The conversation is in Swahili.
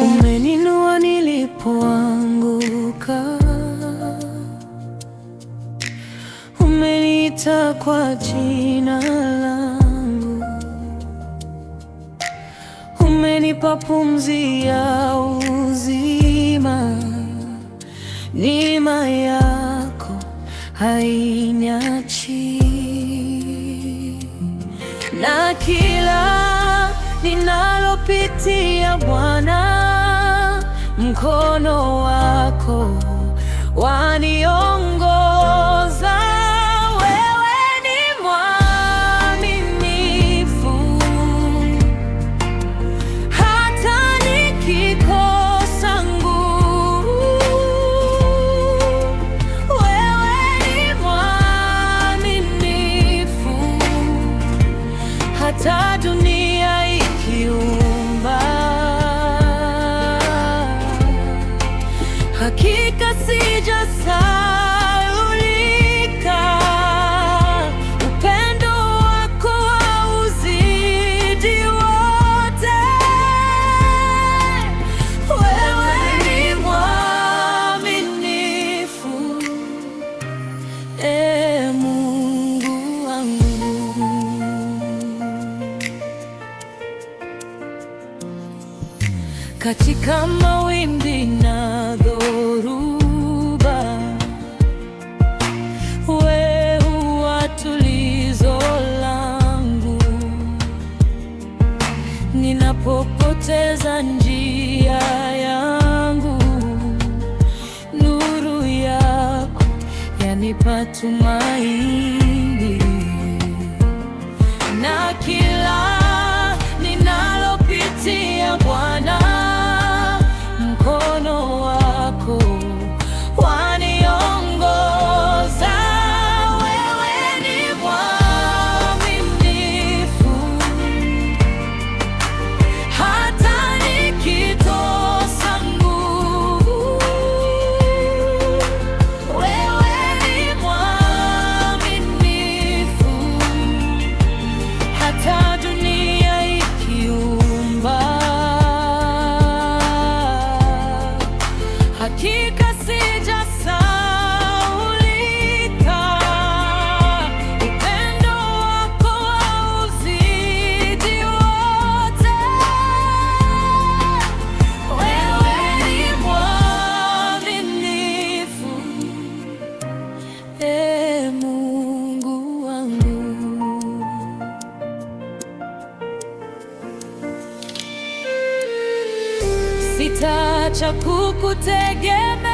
Umeninua nilipoanguka, kwa jina langu, umenipa pumzi ya uzima nima neema yako hainiachi, na kila ninalopitia Bwana, mkono wako waniongoza hata dunia ikiumba, hakika sijasa katika mawimbi na dhoruba, we huwa tulizo langu ninapopoteza njia yangu. Nuru yako yanipa tumaini Sita kukutegemea